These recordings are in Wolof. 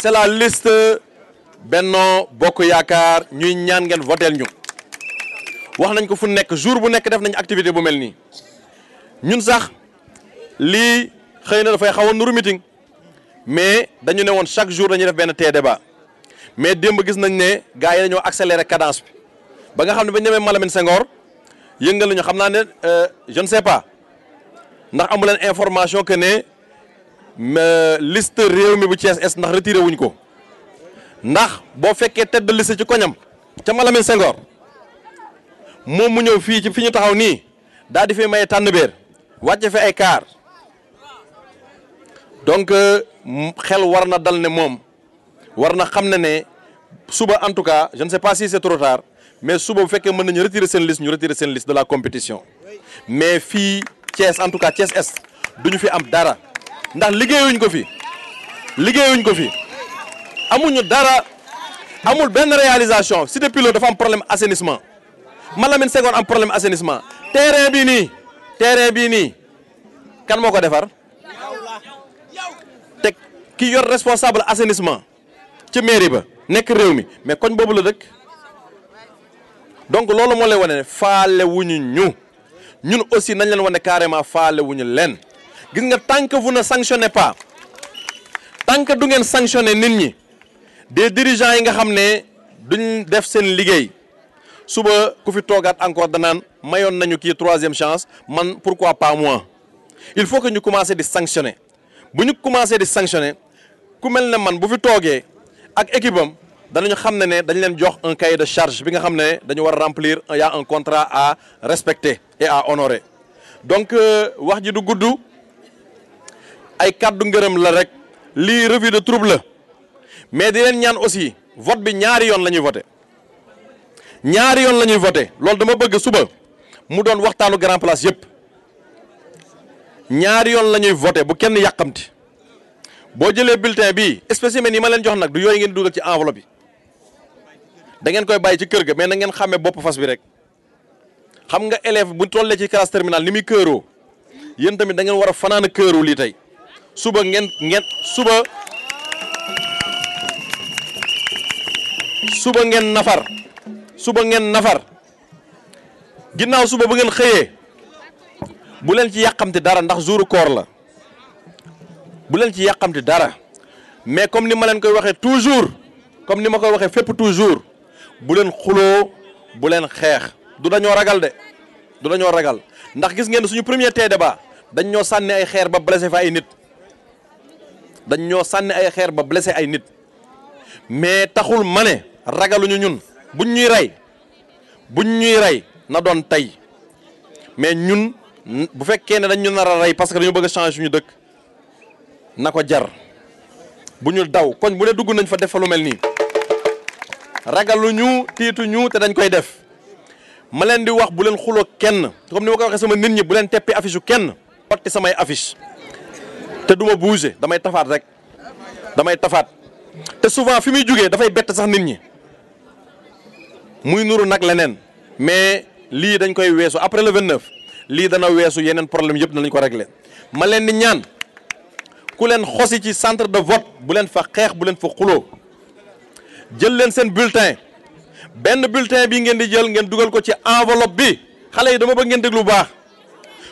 c'est la liste Benno Bokk Yaakaar ñuy ñaan votel ñu wax nañ ko fu nekk jour bu nekk def nañ activité bu mel nii ñun sax lii xëy na dafay xaw a nuru meeting mais dañu ne woon chaque jour dañu def benn tee ba mais démb gis nañ ne gars yi dañoo accéléré cadence bi ba nga xam ne ba ñu demee Malamine Senghor yëngal nañu xam naa ne euh, je ne sais pas ndax amu information que mais liste réew mi bu Thiès est ndax retiré wuñ ko ndax bo féké tête de liste ci koñam ca Malamine Senghor moom mu ñew fi ci fiñu taxaw ni da di fi may tan beer wacce fi ay car donc euh, xel warna dal ne mom warna na xam ne suba en tout cas je ne sais pas si c'est trop tard mais suba bu féké mën nañu retirer sen liste ñu retirer sen liste de la compétition mais fii Thiès en tout cas Thiès est duñu fi am dara. ndax liggéeyuñ ko fi liggéeyuñ ko fi amuñu dara amul benn réalisation Cité Pilote am problème assainissement Malamine Senghor am problème assainissement terrain bii nii terrain bii nii kan moo ko defar te ki yor responsable assainissement ci mairie ba nekk réew mi mais koñ boobu la dëkk donc loolu moo lay wane ne faale wuñu ñu ñun aussi nañ leen wane carrément faale wuñu leen nga tant que vous ne sanctionnez pas tant que vous ne sanctionné pas les des dirigeants yi nga xamné duñ def seen liggéey suba ku fi encore une nañu troisième chance pourquoi pas moi il faut que nous commencer à sanctionner bu ñu commencer à sanctionner ku mel ne man bu fi toogee ak équipe am dañ leen jox un cahier de charge bi nga xamné dañu remplir un contrat à respecter et à honorer donc euh, wax ji du ay kàddu ngeureum la rek li revue de trouble mais di len ñaan aussi vote bi ñaari yoon lañuy voter ñaari yoon lañuy voter voté dama bëgg suba mu doon waxtanu grand place yépp ñaari yoon lañuy voter bu kenn yakamti bo jëlé bulletin bi spécimen yi ma len jox nak du yoy ngeen duggal ci enveloppe bi da ngeen koy bàyyi ci kër ga mais na ngeen xamé bop fas bi rek xam nga élève bu tollé ci classe terminale limi kërro yeen tamit da ngeen wara a kërro li tay suba ngeen ngeen suba suba ngeen nafar suba ngeen nafar ginnaw suba bu ngeen xeye bu len ci yakamti dara ndax jouru koor la bu len ci yakamti dara mais comme ni ma len koy waxe toujours comme ni ma koy waxe fep toujours bu len xulo bu len xex du ragal de du dañoo ragal ndax gis ngeen suñu premier té débat dañ ñoo sanni ay xeer ba blessé fa ay nit dañ ñoo sànni ay xeer ba blessé ay nit mais taxul mané ragalu ñu ñun buñ ñuy ray buñ ñuy ray na doon tay mais ñun bu fekkee ne dañ ñu nar a parce que dañu bëgg changer suñu dëkk na jar buñu daw koñ bu ne dugg nañ fa def lu melni ragalu ñu titu ñu té dañ koy def ma len di wax bu len xulo kenn comme ni ma sama nit ñi bu len teppi affiche kenn sama affiche te du ma bouger damay tafaat rek damay tafaat te souvent fi muy jógee dafay bett sax nit ñi muy nuru nag leneen mais lii dañ koy weesu après le 29 lii dana weesu yeneen problème yëpp na lañ ko réglé ma leen di ñaan ku leen xosi ci centre de vote bu leen fa xeex bu leen fa xuloo jël leen seen bulletin benn bulletin bi ngeen di jël ngeen dugal ko ci enveloppe bi xale yi dama bëgg ngeen déglu bu baax.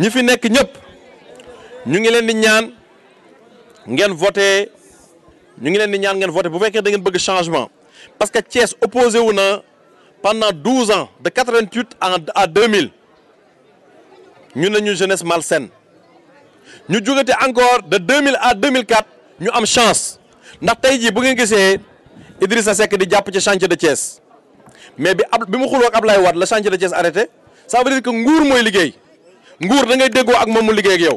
Nous fi nekk ñëpp ñu ngi leen ñaan voté ñu ngi leen ñaan bu da changement parce que Thiès opposé wu na pendant 12 ans de 88 à 2000, nous ñu ne jeunesse malsaine Nous jouons encore de 2000 à 2004, nous avons ñu chance ndax tey jii bu ngeen gisee Idrissa Seck di jàpp ci chantier de Thiès mais bi ab bi mu Wade de Thiès arrêté ça veut dire que nguur mooy liggéey. nguur da ngay déggoo ak moom mu liggéey yow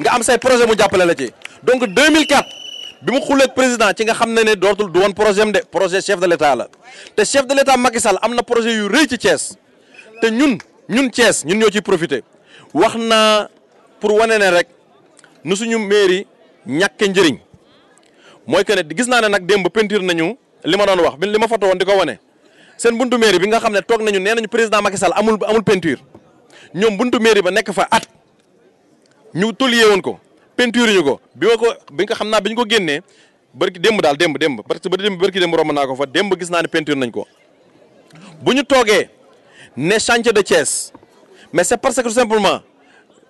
nga am say projet mu jàppale la ci donc 2004 bi mu xuleeg président ci nga xam ne ne dootul du woon projet am de projet chef de l' état la te chef de l' état Macky Sall am na projet yu rëy ci Thiès te ñun ñun Thiès ñun ñoo ciy profité wax naa pour wane ne rek nu suñu mairie ñàkke njëriñ mooy que ne gis naa ne nag démb peinture nañu li ma doon wax bi li ma foto woon di ko wane seen buntu mairie bi nga xam ne toog nañu nee nañu président Macky Sall amul amul peinture. ñoom buntu mairie ba nekk fa at ñu toliyee woon ko peinture ko bi ma ko bi nga xam naa bi ñu ko génnee barki demb daal demb demb parce que ba démb barki démb romb naa ko fa démb gis naa ne peinture nañ ko bu ñu toogee ne chantier de Thiès mais c'est parce que tout simplement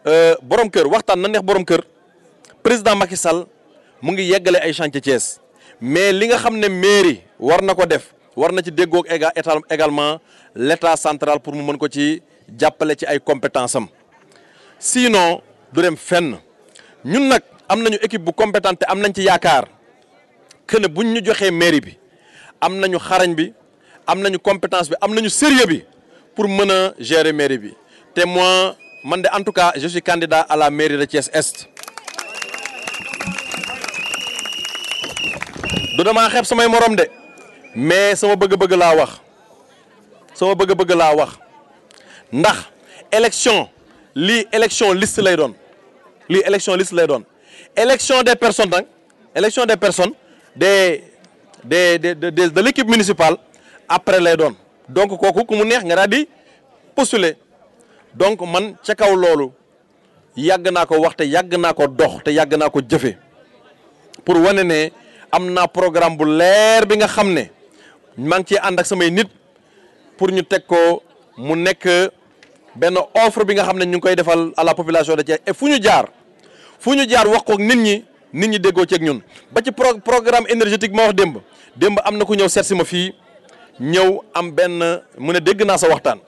euh, borom kër waxtaan na neex borom kër président Macky Sall mu ngi yeggale ay chantier Thiès mais li nga xam ne mairie war na ko def war na ci déggoog également l'état central pour mu mën ko ci jàppale ci ay compétence am sinon du dem fenn ñun nag am nañu équipe bu compétente am nañ ci yaakaar que ne buñ ñu joxee mairie bi am nañu xarañ bi am nañu compétence bi am nañu sérieux bi pour mën a gérer mairie bi te moi man de en tout cas je suis candidat à la mairie de Thiès Est. du damaa xeeb samay morom de mais sama bëgg-bëgg laa wax sama bëgg-bëgg laa wax. ndax élection li élection liste lay don li élection liste lay don élection des personnes donc élection des personnes des des des de de l' municipale après lay don donc kooku ku mu neex nga daal di postuler donc man ci kaw lolu yagna ko wax yagna ko dox te yàgg ko jëfe pour wane né amna programme bu lèr bi nga xamné mang ci ngi ak samay nit pour ñu teg ko mu nekk. benn offre bi nga xam ne ñu ngi koy defal à la population de Thiès fu ñu jaar fu ñu jaar wax ko nit ñi nit ñi déggoo ceeg ñun ba ci pro programme énergétique ma wax démb démb am na ku ñëw seet si ma fii ñëw am benn mu ne dégg naa sa waxtaan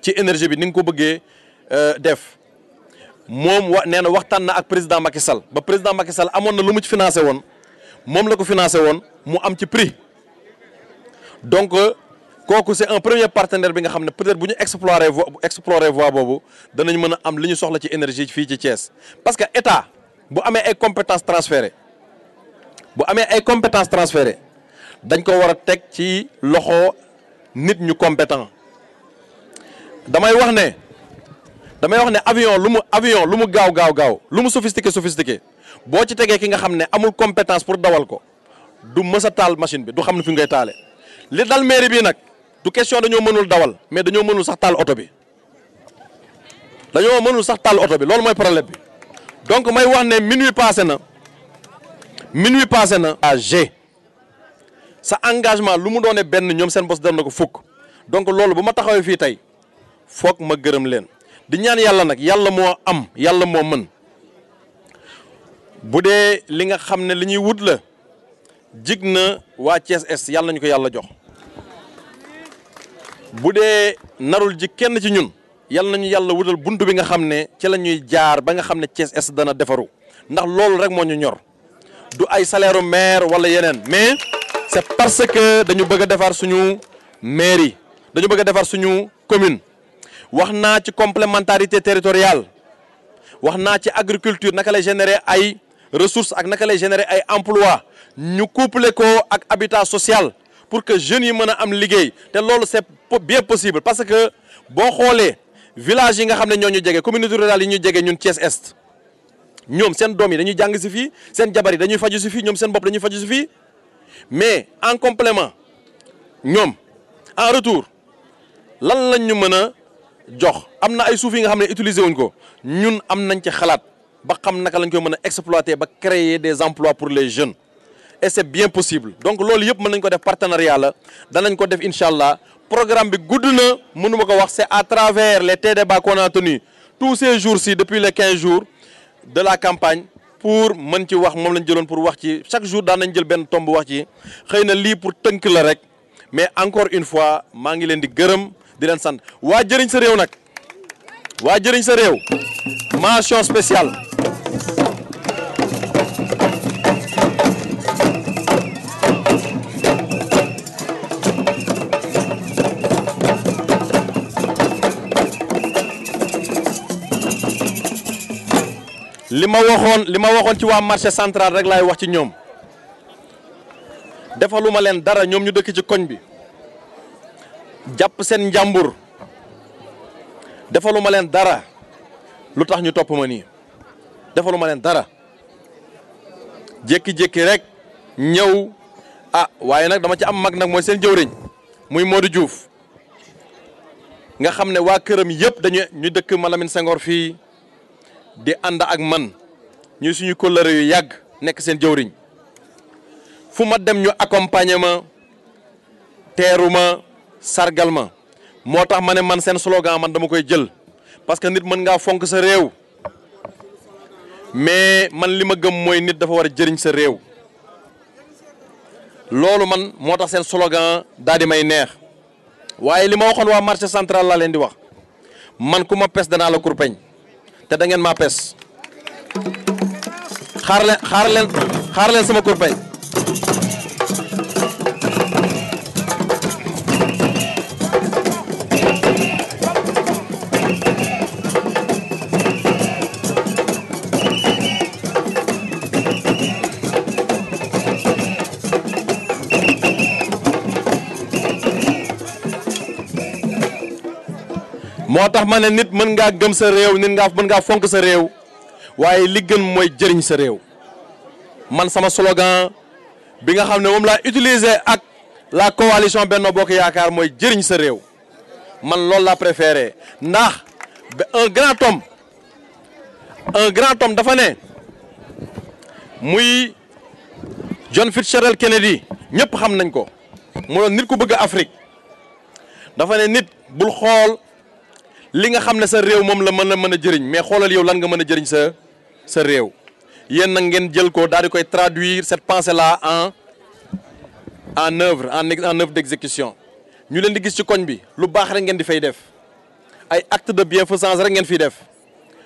ci énergie bi ni nga ko bëggee euh, def moom wa nee na waxtaan na ak président Macky Sall ba président Macky Sall amoon na lu mu ci financé woon moom la ko financé woon mu am ci prix kooku c'est un premier partenaire bi nga xamné peut-être buñu explorer explorer voie bobu dañu mëna am liñu soxla ci énergie fi ci Thiès parce que état bu amé ay compétences transférées bu amé ay compétences transférées dañ ko wara tek ci loxo nit ñu compétent damay wax ne damay wax ne avion lu mu avion lu mu gaaw gaaw gaaw lu mu sophistiqué sophistiqué bo ci tégué ki nga xamné amul compétence pour dawal ko du mësa taal machine bi du xam fi ngay taale li dal mairie bi nak du question dañu mënul dawal mais de mënul sax tal auto bi dañu mënul sax tal c'est bi que problème bi donc may wax ne minuit passé na minuit passé na à ah, G sa engagement lu mu doone bos ko donc loolu bu ma ma leen di ñaan yalla nak yalla am yalla mo mën budé li nga xamné li ñuy wut la bu dee narul ji kenn ci ñun yal nañu yàlla wutal bunt bi nga xam ne ci la ñuy jaar ba nga xam ne es dana defaru ndax loolu rek moo ñu ñor du ay salaire maire wala yeneen mais c'est parce que dañu bëgg a defar suñu mairie dañu bëgg defar suñu commune wax naa ci complementarité territoriale wax naa ci agriculture naka lay générer ay ressources ak naka lay générer ay emplois ñu couplé ko ak habitat social pour que jeunes yi mën a am liggéey te loolu c'est bien possible parce que boo xoolee village yi nga xam ne ñoo ñu jege communauté rurale yi ñu jege ñun Thiès Est ñoom seen doom yi dañuy jàng si fii seen jabar yi dañuy faju si fii ñoom seen bopp dañuy faju si fii mais en complément ñoom en retour lan lañ ñu mën a jox am ay suuf yi nga xam utiliser wuñ ko ñun am ci xalaat ba xam naka lañ koy mën exploiter ba créer des emplois pour les jeunes et c'est bien possible donc ce yëpp partenariat programme de c'est à travers les débats qu'on a tenus tous ces jours-ci depuis les 15 jours de la campagne pour mën pour chaque jour nous avons jël tombe, pour tenir la mais encore une fois je ngi leen di di leen choses. mention spéciale li ma waxoon li ma waxoon ci waa marché central rek laay wax ci ñoom defaluma leen dara ñoom ñu dëkk ci koñ bi jàpp seen njàmbur defaluma leen dara lu tax ñu topp ma nii defaluma leen dara jékki-jékki rek ñëw a ah, waaye nag dama ci am mag nag mooy seen jëwriñ muy moo di juuf nga xam ne waa këram yëpp dañu ñu dëkk Malamine Senghor fii. di anda ak man ñu suñu couleur yu yag nek seen jëwriñ fu ma dem ñu accompagnement téruma sargalma motax sargal ma man seen slogan man dama koy jël parce que nit man nga fonk sa réew mais man lima gëm moy nit dafa war jëriñ sa réew lolu man motax seen slogan daldi may neex waye lima ma wa marché central la len di wax man kuma pes dana la kurpeñ te da ngeen maa pes xaar leen xaar leen xaar leen sama kurpañ moo tax ma ne nit mën ngaa gëm sa réew nit ngaa mën ngaa fonk sa réew waaye li gën mooy jëriñ sa réew man sama slogan bi nga xam ne moom laa utiliser ak la coalition Benno Bokk Yaakaar mooy jëriñ sa réew man loolu laa préféré ndax un grand homme un grand homme dafa ne muy John Fitzgerald Kennedy ñëpp xam nañ ko mu doon nit ku bëgg Afrique dafa ne nit bul xool. li nga xam ne sa réew moom la mën a mën a jëriñ mais xoolal yow lan nga mën a jëriñ sa sa réew yéen nag ngeen jël ko daal di koy traduire cette pensée la en en œuvre en en œuvre d'exécution ñu leen di gis ci koñ bi lu baax rek ngeen di fay def ay acte de fa bienfaisance rek ngeen fiy def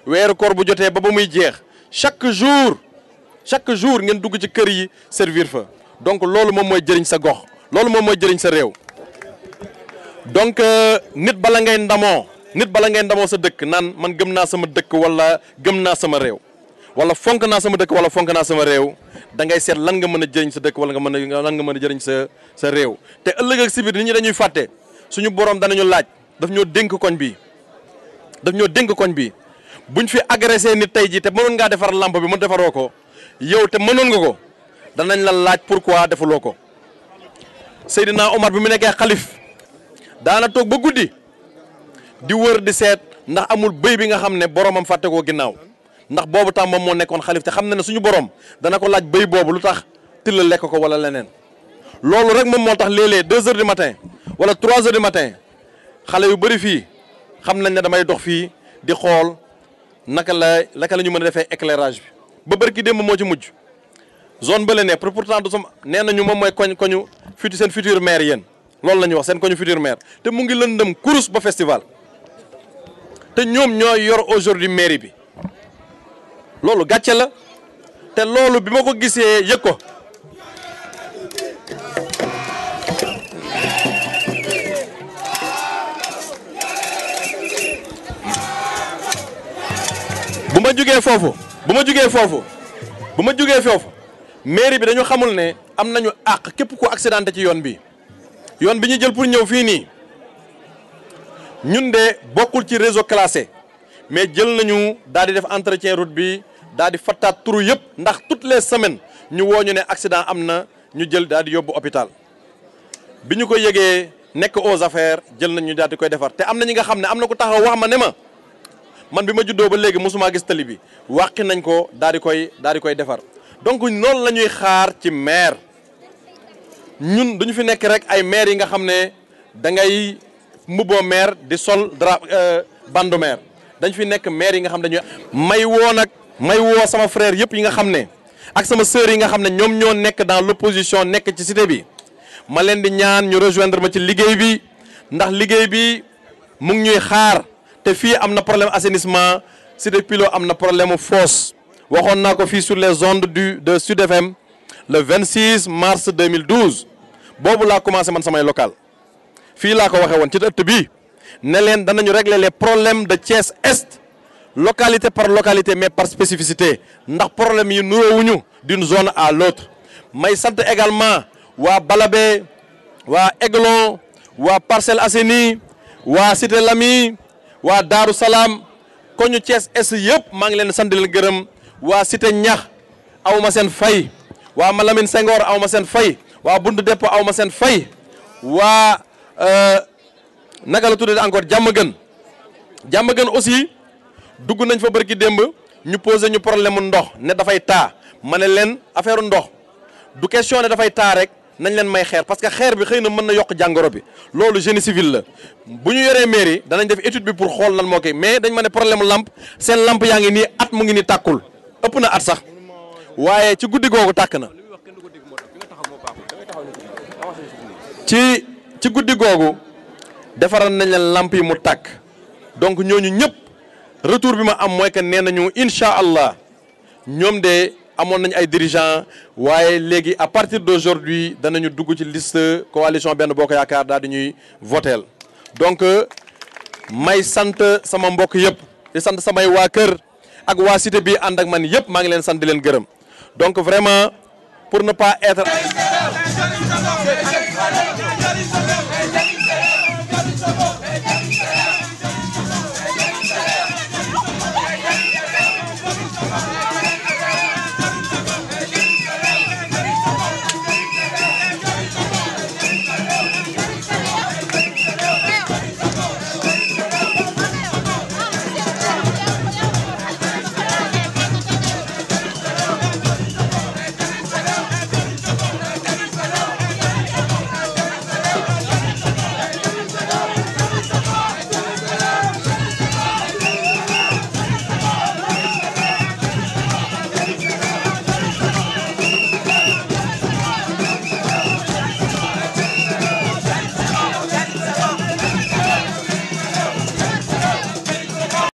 weeru koor bu jotee ba ba muy jeex chaque jour chaque jour ngeen dugg ci kër yi servir fa donc loolu moom mooy jëriñ sa gox loolu moom mooy jëriñ sa réew donc euh, nit bala ngay ndamoo nit bala ngay ndamo sa dekk nan man gëm sama dekk wala gëm naa sama rew wala fonk na sama dekk wala fonk na sama rew da ngay set lan nga meuna jeriñ sa dekk wala nga meuna lan nga meuna jeriñ sa sa rew te ëllëg ak sibir biir nit ñi dañuy faté suñu borom nañu laaj daf ñoo denk koñ bi daf ñoo denk koñ bi buñ fi agressé nit tay ji te mënon nga défar lampe bi mën defaroo yow te mënon nga ko nañ la laaj pourquoi defuloo ko Seydina Omar bi mu Khalif, da na tok ba guddii di wër di seet ndax amul bëy bi nga xam ne boromam fàtte koo ginnaaw ndax boobu tam moom moo nekkoon xalif te xam na ne suñu borom dana ko laaj bëy boobu lu tax tilla lekk ko wala leneen loolu rek moom moo tax léeg-léeg deux heures du matin wala trois heures du matin xale yu bëri fii xam nañ ne damay dox fii di xool naka la naka la ñu mën a defee éclairage bi ba bërki démb moo ci mujj zone bële ne pourtant du sama nee nañu moom mooy koñ koñu futur seen futur maire yéen loolu la ñuy wax seen koñu futur maire te mu ngi lëndëm kurus ba festival te ñoom ñoo yor aujourd'hui mairie bi loolu gàcce la te loolu bi ma ko gisee yëg ko bu ma jugee foofu bu ma jugee foofu bu ma jugee foofu mairie bi dañu xamul ne am nañu àq képp ku accidenté ci yoon bi yoon bi ñu jël pour ñëw fii nii ñun de bokkul ci réseau classé mais jël nañu daal di def entretien route bi daal di fattaat turu yëpp ndax toutes les semaines ñu woo ñu ne accident am na ñu jël daal di yóbbu hôpital bi ñu ko yëgee nekk aux affaires jël nañ ñu daal di koy defar te am na ñi nga xam ne am na ko taxaw wax ma ne ma man bi ma juddoo ba léegi mosumaa gis tali bi wàqi nañ ko daal di koy daal di koy defar donc loolu la ñuy xaar ci maire ñun dañu fi nekk rek ay maire yi nga xam ne da ngay mbubboo maire di sol dra euh, bandu maire dañ fi nekk maire yi nga xam dañuy may woo nag may woo sama frère yëpp yi nga xam ne ak sama sœur yi nga xam ne ñoom ñoo nekk dans l'opposition nekk ci cité bi ma leen di ñaan ñu rejoindre ma ci liggéey bi ndax liggéey bi mu ngi ñuy xaar te fii am na problème assainissement cité Pilot am na problème mu fosse waxoon naa ko fii sur les ondes du de Sud FM le 26 mars 2012 boobu laa commencé man samay local fii ko waxee ci ëtt ne régler les problèmes de Thiès Est localité par localité mais par spécificité ndax problème yi nuroowuñu d'une zone à l'autre Mais santé également wa Balabé wa Eglon, wa Parcelles Assainies wa Cité Lamy waa salam. Salaam koñu Thiès Est yëpp maa ngi leen sant Cité Ñax awma seen fay wa Malamine Senghor awma seen fay wa Buntu Depo, awma seen fay wa Eh, naka la tuddee encore jamm gën jamm gën aussi dugg nañ fa barki demb ñu poser ñu problème ndox né da fay ta mané len affaire ndox du question da fay ta rek nañ len may xeer parce que xeer bi xeyna mëna yok jangoro bi lolu génie civil la bu ñu yoree mairie nañ def étude bi pour xol lan mo koy mais dañ mané problème lamp sen lamp yaangi ni at mu ngi ni takul ëpp na at sax waaye ci guddi googu tak na ci ci guddi googu defaral nañ leen làmp yi mu tàkk donc ñooñu ñëpp retour bi ma am mooy que nee nañu incha allah ñoom de amoon nañ ay dirigeants waaye léegi à partir d'aujourd'hui danañu dugg ci liste coalition benn boo ko yaakaar daal di ñuy voteel donc may sant sama mbokk yëpp di sant samay waa kër ak waa cité bi ànd ak man yëpp maa ngi leen sant di leen gërëm donc vraiment pour ne pas être